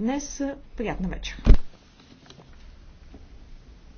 днес. Приятна вечер!